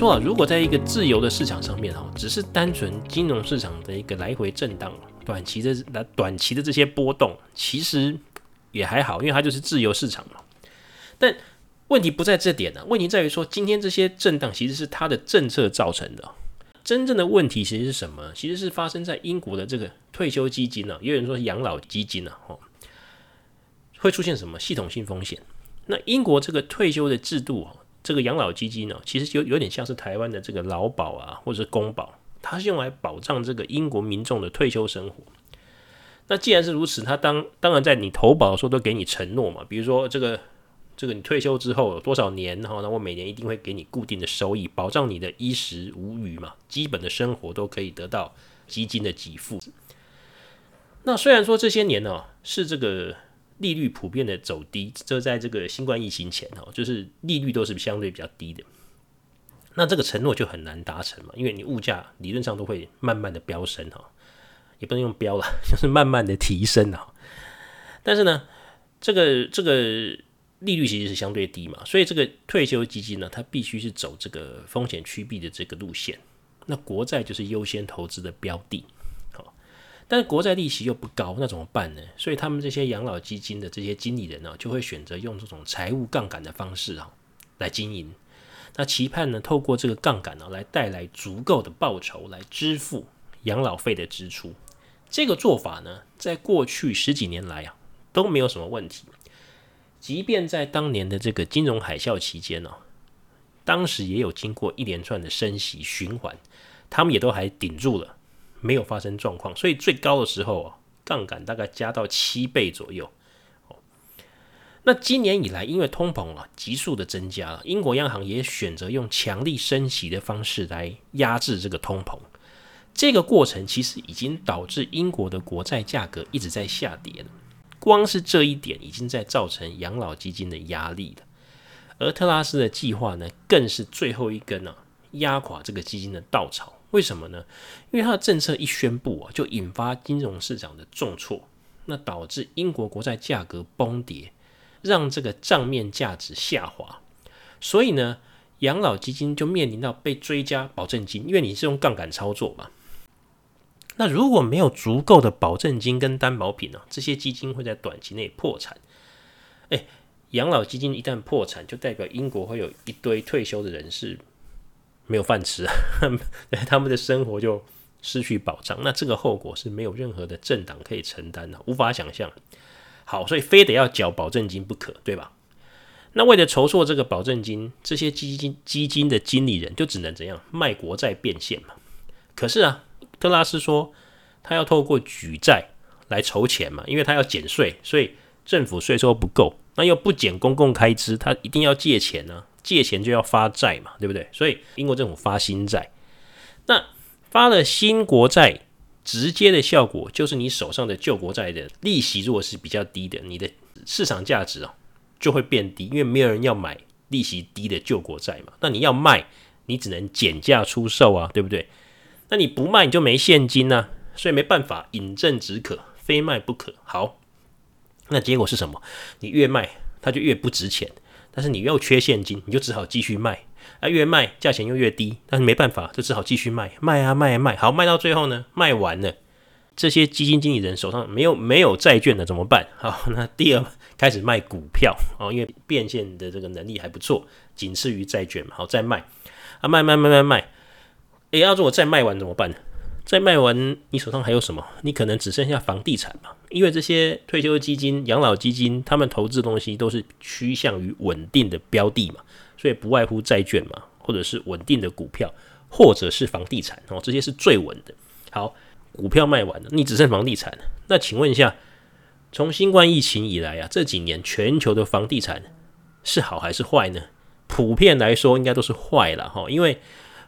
說啊，如果在一個自由的市場上面，哈，只是單純金融市場的一個來回震盪，短期的，那短期的這些波動，其實也還好，因為它就是自由市場嘛。但問題不在這點呢，啊，問題在於說，今天這些震盪其實是它的政策造成的。真正的問題其實是什麼？其實是發生在英國的這個退休基金呢，啊，也有人說養老基金呢，哈，會出現什麼系統性風險？那英國這個退休的制度啊這個養老基金呢、哦，其實就有點像是台灣的這個勞保啊，或者是公保，它是用來保障這個英國民眾的退休生活。那既然是如此，它當當然在你投保的時候都給你承諾嘛，比如說這個這個你退休之後有多少年哈、哦，那我每年一定會給你固定的收益，保障你的衣食無虞嘛，基本的生活都可以得到基金的給付。那雖然說這些年呢、哦，是這個。利率普遍的走低，就在這個新冠疫情前哦，就是利率都是相對比較低的。那這個承諾就很難達成嘛，因為你物價理論上都會慢慢的飆升哈，也不能用飆了，就是慢慢的提升哈。但是呢，這個這個利率其實是相對低嘛，所以這個退休基金呢，它必須是走這個風險趨避的這個路線，那國債就是優先投資的標的。但是國債利息又不高，那怎麼辦呢？所以他們這些養老基金的這些經理人呢，就會選擇用這種財務槓桿的方式啊來經營。那期盼呢，透過這個槓桿呢，來帶來足夠的報酬來支付養老費的支出。這個做法呢，在過去十幾年來啊，都沒有什麼問題。即便在當年的這個金融海嘯期間呢，當時也有經過一連串的升息循環，他們也都還頂住了。沒有發生狀況，所以最高的時候啊，槓桿大概加到七倍左右。那今年以來，因為通膨啊急速的增加了，英國央行也選擇用強力升息的方式來壓制這個通膨。這個過程其實已經導致英國的國債價格一直在下跌了。光是這一點已經在造成養老基金的壓力了。而特拉斯的計劃呢，更是最後一根呢啊，壓垮這個基金的稻草。為什麼呢？因為他的政策一宣布啊，就引發金融市場的重挫，那導致英國國債價格崩跌，讓這個賬面價值下滑，所以呢，養老基金就面臨到被追加保證金，因為你是用槓桿操作嘛。那如果沒有足夠的保證金跟擔保品呢、啊，這些基金會在短期內破產。誒、欸，養老基金一旦破產，就代表英國會有一堆退休的人士。沒有飯吃啊， 他們的生活就失去保障。那這個後果是沒有任何的政黨可以承擔的，無法想象。好，所以非得要繳保證金不可，對吧？那為了籌措這個保證金，這些基金基金的經理人就只能怎樣，賣國債變現嘛。可是啊，特拉斯說他要透過舉債來籌錢嘛，因為他要減稅，所以政府稅收不夠，那又不減公共開支，他一定要借錢呢。借錢就要發債嘛，對不對？所以英國政府發新債，那發了新國債，直接的效果就是你手上的舊國債的利息如果是比較低的，你的市場價值啊、哦、就會變低，因為沒有人要買利息低的舊國債嘛。那你要賣，你只能減價出售啊，對不對？那你不賣你就沒現金吶、啊，所以沒辦法飲鴆止渴，非賣不可。好，那結果是什麼？你越賣它就越不值錢。但是你又缺現金，你就只好繼續賣。啊，越賣價錢又越低，但是沒辦法，就只好繼續賣，賣啊賣啊，賣。好，賣到最後呢，賣完了，這些基金經理人手上沒有沒有債券了，怎麼辦？好，那第二開始賣股票啊，因為變現的這個能力還不錯，僅次於債券。好，再賣啊，賣賣賣賣賣、賣。欸，要是我再賣完怎麼辦呢？在賣完，你手上還有什麼？你可能只剩下房地產嘛，因為這些退休基金、養老基金，他們投資的東西都是趨向於穩定的標的嘛，所以不外乎債券嘛，或者是穩定的股票，或者是房地產哦，這些是最穩的。好，股票賣完了，你只剩房地產。那請問一下，從新冠疫情以來啊，這幾年全球的房地產是好還是壞呢？普遍來說，應該都是壞了哈，因為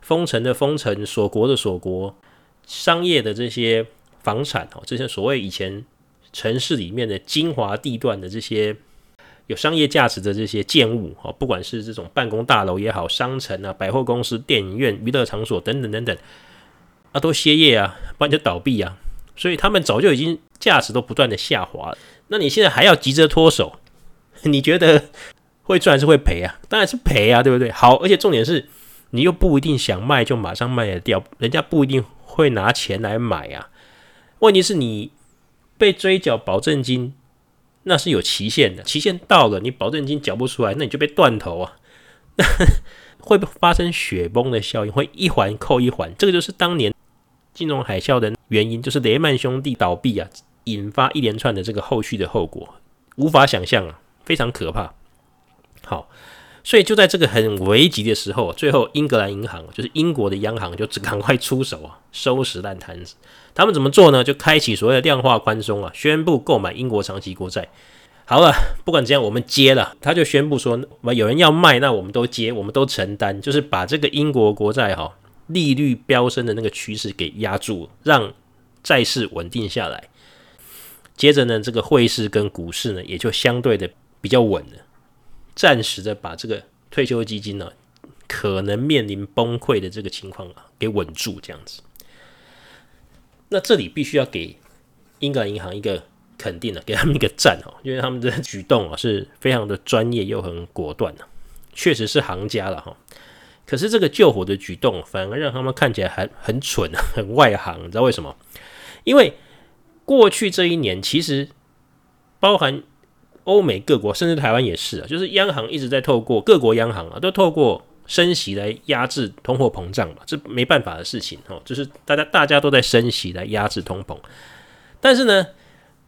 封城的封城，鎖國的鎖國。商業的這些房產哦，這些所謂以前城市裡面的精華地段的這些有商業價值的這些建物哦，不管是這種辦公大樓也好，商城啊、百貨公司、電影院、娛樂場所等等等等，啊都歇業啊，不然就倒閉啊。所以他們早就已經價值都不斷的下滑了，那你現在還要急着脫手，你覺得會賺還是會賠啊？當然是賠啊，對不對？好，而且重點是。你又不一定想賣就馬上賣得掉，人家不一定會拿錢來買啊。問題是你被追繳保證金，那是有期限的，期限到了你保證金繳不出來，那你就被斷頭啊呵呵。會不會發生雪崩的效應？會一環扣一環。這個就是當年金融海嘯的原因，就是雷曼兄弟倒閉啊，引發一連串的這個後續的後果，無法想象啊，非常可怕。好。所以就在這個很危急的時候，最後英格蘭銀行就是英國的央行就趕快出手啊，收拾爛攤子。他們怎麼做呢？就開啟所謂的量化寬鬆啊，宣布購買英國長期國債。好了，不管怎樣，我們接了。他就宣布說，有人要賣，那我們都接，我們都承擔，就是把這個英國國債哈、喔、利率飆升的那個趨勢給壓住，讓債市穩定下來。接着呢，這個匯市跟股市呢也就相對的比較穩了。暫時的把這個退休基金呢，啊，可能面臨崩潰的這個情況啊，給穩住這樣子。那這裡必須要給英格蘭銀行一個肯定的啊，給他們一個讚哦啊，因為他們的舉動啊是非常的專業又很果斷啊，確實是行家了哈。可是這個救火的舉動反而讓他們看起來很很蠢，很外行，你知道為什麼？因為過去這一年其實包含。歐美各國，甚至台灣也是啊，就是央行一直在透過各國央行啊，都透過升息來壓制通貨膨脹嘛，這沒辦法的事情哦。就是大家大家都在升息來壓制通膨，但是呢，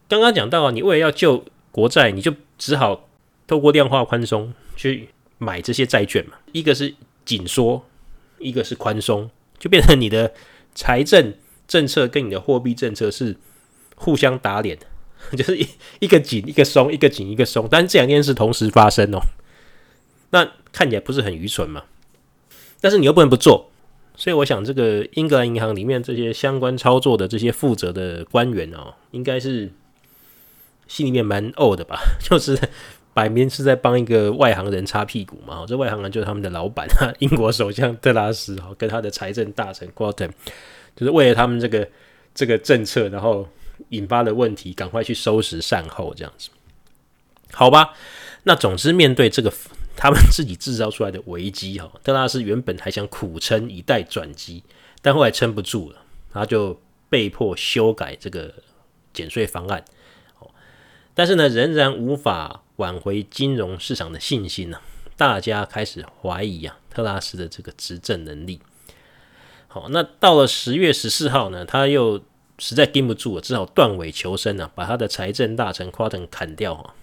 剛剛講到啊，你為了要救國債，你就只好透過量化寬鬆去買這些債券嘛。一個是緊縮，一個是寬鬆，就變成你的財政政策跟你的貨幣政策是互相打臉的。 就是一個一個緊一個鬆，一個緊一個鬆，但是這兩件事同時發生哦、喔，那看起來不是很愚蠢嘛？但是你又不能不做，所以我想這個英格蘭銀行裡面這些相關操作的這些負責的官員哦、喔，應該是心裡面蠻嘔的吧？就是擺明是在幫一個外行人擦屁股嘛、喔。這外行人就是他們的老板啊，英國首相特拉斯哈、喔、跟他的財政大臣 Kwarteng 就是為了他們這個這個政策，然後。引發的問題，趕快去收拾善後，這樣子，好吧？那總之，面對這個他們自己製造出來的危機，哈，特拉斯原本還想苦撐以待轉機，但後來撐不住了，他就被迫修改這個減稅方案，但是呢，仍然無法挽回金融市場的信心呢，大家開始懷疑啊，特拉斯的這個執政能力。好，那到了十月十四號呢，他又。實在頂不住了，只好斷尾求生了，把他的財政大臣誇登砍掉，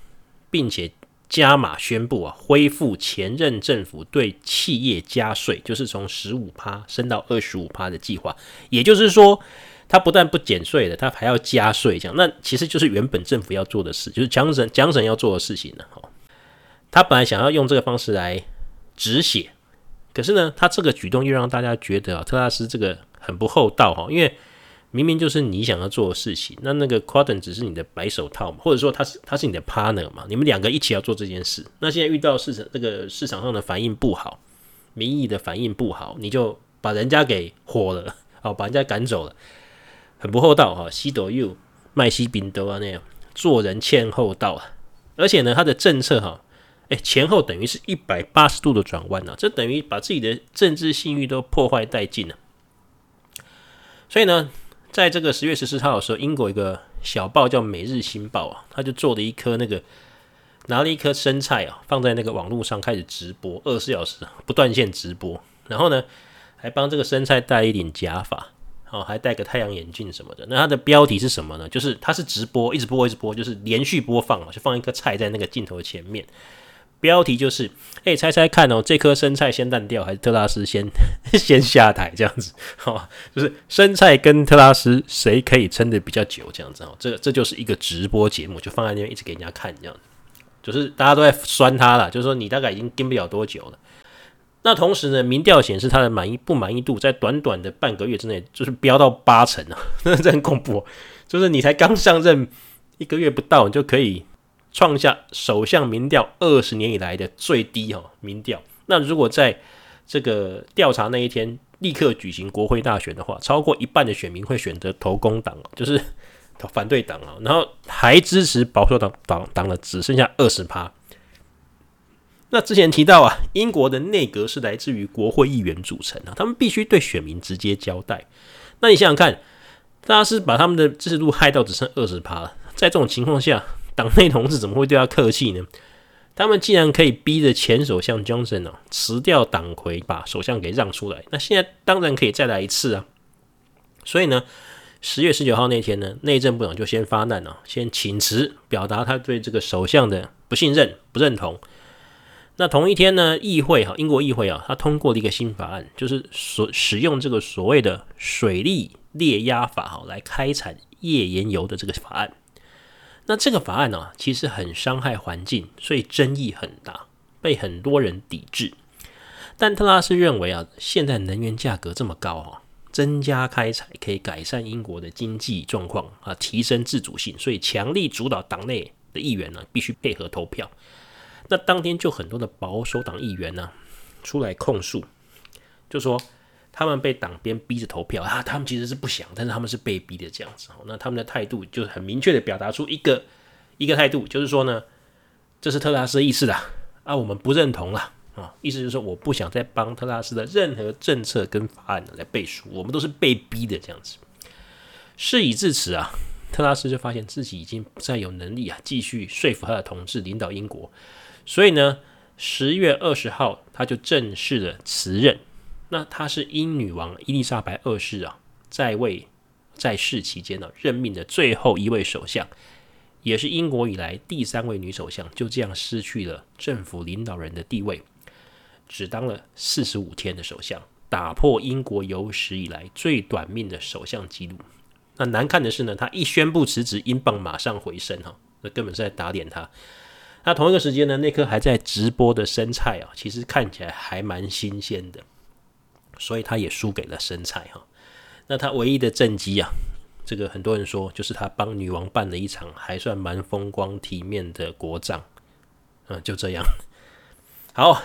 並且加碼宣布啊，恢復前任政府對企業加稅，就是從十五趴升到二十五趴的計劃。也就是說，他不但不減稅了，他還要加稅。這樣，那其實就是原本政府要做的事，就是強生，強生要做的事情呢。哈，他本來想要用這個方式來止血，可是呢，他這個舉動又讓大家覺得啊，特拉斯這個很不厚道哈，因為。明明就是你想要做的事情，那那個 Kwarteng 只是你的白手套嘛，或者說他是他是你的 partner 嘛，你們兩個一起要做這件事。那現在遇到市場這、那個市場上的反應不好，民意的反應不好，你就把人家給火了，哦，把人家趕走了，很不厚道哈、哦。西德右麥西賓多啊，那樣做人欠厚道啊！而且呢，他的政策哈，誒、哎，前後等於是一百八十度的轉彎呢、啊，這等於把自己的政治信譽都破壞殆盡了、啊。所以呢。在這個十月十四號的時候，英國一個小報叫《每日星報》啊，他就做了一顆那個，拿了一顆生菜啊，放在那個網絡上開始直播二十四小時不斷線直播，然後呢還幫這個生菜戴一頂假髮，哦還戴個太陽眼鏡什麼的。那它的標題是什麼呢？就是它是直播，一直播一直播，就是連續播放嘛，就放一顆菜在那個鏡頭前面。標題就是，誒、欸，猜猜看哦，這顆生菜先爛掉，還是特拉斯先呵呵先下台？這樣子，哈、哦，就是生菜跟特拉斯誰可以撐得比較久？這樣子，哦、這這就是一個直播節目，就放在那邊一直給人家看，這樣子，就是大家都在酸他了，就是說你大概已經跟不了多久了。那同時呢，民調顯示他的滿意不滿意度在短短的半個月之內，就是飆到八成啊，這很恐怖，就是你才剛上任一個月不到，你就可以。創下首相民調二十年以來的最低哈、喔、民調。那如果在這個調查那一天立刻舉行國會大選的話，超過一半的選民會選擇投工黨，就是反對黨啊，然後還支持保守黨黨黨的只剩下二十趴。那之前提到啊，英國的內閣是來自於國會議員組成的、啊，他們必須對選民直接交代。那你想想看，大家是把他們的支持度害到只剩二十趴了，在這種情況下。黨內同志怎麼會對他客氣呢？他們既然可以逼着前首相 Johnson 哦，辭掉黨魁，把首相給讓出來，那現在當然可以再來一次啊。所以呢，十月十九號那天呢，內政部長就先發難了，先請辭，表達他對這個首相的不信任、不認同。那同一天呢，議會哈，英國議會啊，他通過了一個新法案，就是所使用這個所謂的水力裂壓法哈來開採頁岩油的這個法案。那這個法案呢、啊，其實很傷害環境，所以爭議很大，被很多人抵制。但特拉斯認為啊，現在能源價格這麼高哈、啊，增加開採可以改善英國的經濟狀況啊，提升自主性，所以強力主導黨內的議員呢，必須配合投票。那當天就很多的保守黨議員呢，出來控訴，就說，他們被黨鞭逼着投票啊，他們其實是不想，但是他們是被逼的這樣子。那他們的態度就很明確的表達出一個一個態度，就是說呢，這是特拉斯的意思啦。啊，我們不認同啦。啊，意思就是說我不想再幫特拉斯的任何政策跟法案來背書，我們都是被逼的這樣子。事已至此啊，特拉斯就發現自己已經不再有能力啊，繼續說服他的同志領導英國，所以呢，十月二十號他就正式的辭任。那她是英女王伊麗莎白二世啊，在位在世期間呢，任命的最後一位首相，也是英國以來第三位女首相，就這樣失去了政府領導人的地位，只當了四十五天的首相，打破英國有史以來最短命的首相記錄。那難看的是呢，她一宣布辭職，英鎊馬上回升哈，那根本是在打臉她。那同一個時間呢，那顆還在直播的生菜啊，其實看起來還蠻新鮮的。所以他也輸給了身材哈，那他唯一的政績啊，這個很多人說，就是他幫女王辦了一場還算蠻風光體面的國葬，嗯，就這樣。好，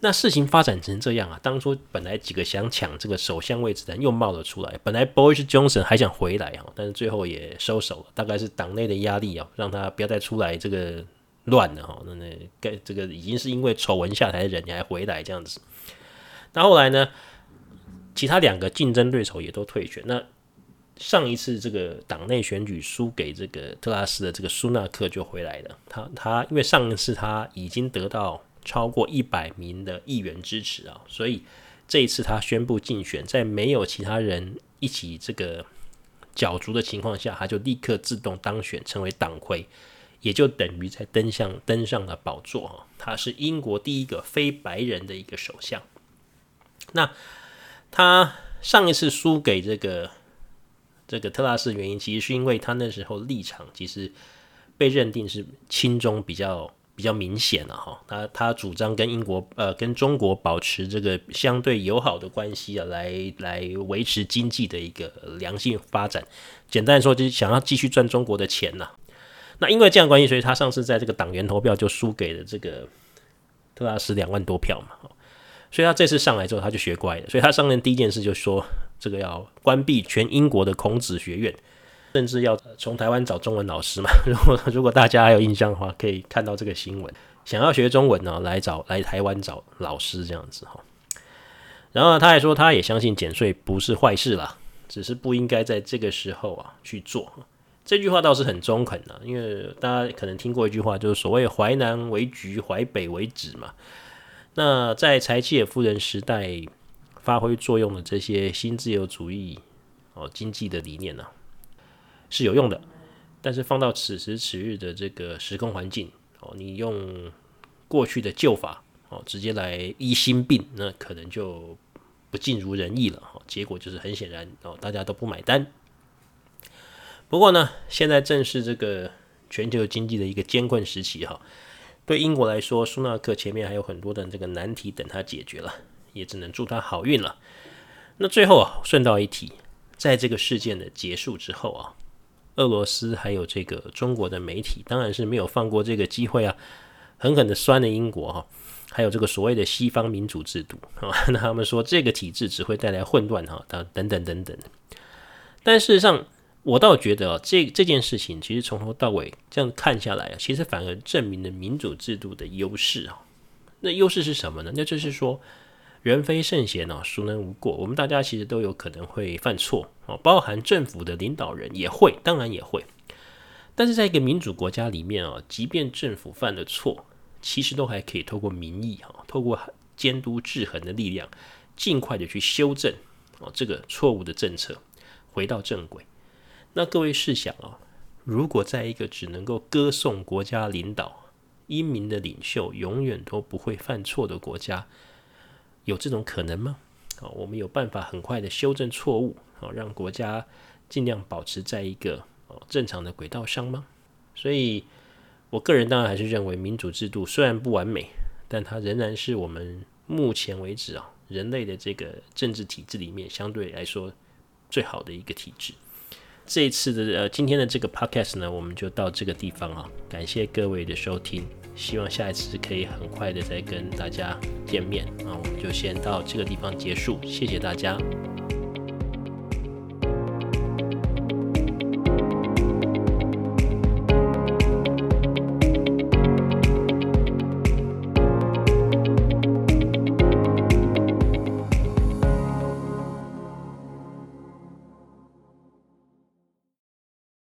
那事情發展成這樣啊，當初本來幾個想搶這個首相位置的人又冒了出來，本來 Boris Johnson 還想回來哈，但是最後也收手了，大概是黨內的壓力啊，讓他不要再出來這個亂了哈。那那該這個已經是因為醜聞下台的人你還回來這樣子，那後來呢？其他兩個競爭對手也都退選。那上一次這個黨內選舉輸給這個特拉斯的這個蘇納克就回來了。他他因為上一次他已經得到超過一百名的議員支持啊，所以這一次他宣布競選，在沒有其他人一起這個角逐的情況下，他就立刻自動當選，成為黨魁，也就等於在登上登上了寶座啊。他是英國第一個非白人的一個首相。那。他上一次輸給這個這個特拉斯，原因其實是因為他那時候立場其實被認定是親中比較比較明顯了。哈。他他主張跟英國呃跟中國保持這個相對友好的關係啊，來來維持經濟的一個良性發展。簡單說就是想要繼續賺中國的錢吶啊。那因為這樣的關係，所以他上次在這個黨員投票就輸給了這個特拉斯兩萬多票嘛。所以他這次上來之後，他就學乖了。所以他上任第一件事就說：“這個要關閉全英國的孔子學院，甚至要從台灣找中文老師嘛。”如果如果大家還有印象的話，可以看到這個新聞。想要學中文呢，來找來台灣找老師這樣子哈。然後他還說，他也相信減稅不是壞事啦，只是不應該在這個時候啊去做。這句話倒是很中肯的啊，因為大家可能聽過一句話，就是所謂“淮南為橘，淮北為枳”嘛。那在柴契爾夫人時代發揮作用的這些新自由主義哦經濟的理念呢、啊、是有用的，但是放到此時此日的這個時空環境哦，你用過去的舊法哦直接來醫心病，那可能就不盡如人意了。結果就是很顯然哦，大家都不買單。不過呢，現在正是這個全球經濟的一個艱困時期哈。對英國來說，蘇納克前面還有很多的這個難題等他解決了，也只能祝他好運了。那最後啊，順道一提，在這個事件的結束之後啊，俄羅斯還有這個中國的媒體當然是沒有放過這個機會啊，狠狠的酸了英國哈、啊，還有這個所謂的西方民主制度啊，那他們說這個體制只會帶來混亂哈、啊，等等等等。但事實上，我倒覺得啊，這這件事情其實從頭到尾這樣看下來啊，其實反而證明了民主制度的優勢啊。那優勢是什麼呢？那就是說，人非聖賢啊，孰能無過？我們大家其實都有可能會犯錯啊，包含政府的領導人也會，當然也會。但是在一個民主國家裡面啊，即便政府犯了錯，其實都還可以透過民意，透過監督制衡的力量，盡快的去修正啊這個錯誤的政策，回到正軌。那各位試想啊，如果在一個只能夠歌頌國家領導英明的領袖永遠都不會犯錯的國家，有這種可能嗎？啊，我們有辦法很快的修正錯誤，啊，讓國家盡量保持在一個正常的軌道上嗎？所以，我個人當然還是認為，民主制度雖然不完美，但它仍然是我們目前為止啊人類的這個政治體制裡面相對來說最好的一個體制。這一次的呃今天的這個 Podcast 呢，我們就到這個地方啊、哦，感謝各位的收聽，希望下一次可以很快的再跟大家見面，啊。我們就先到這個地方結束，謝謝大家。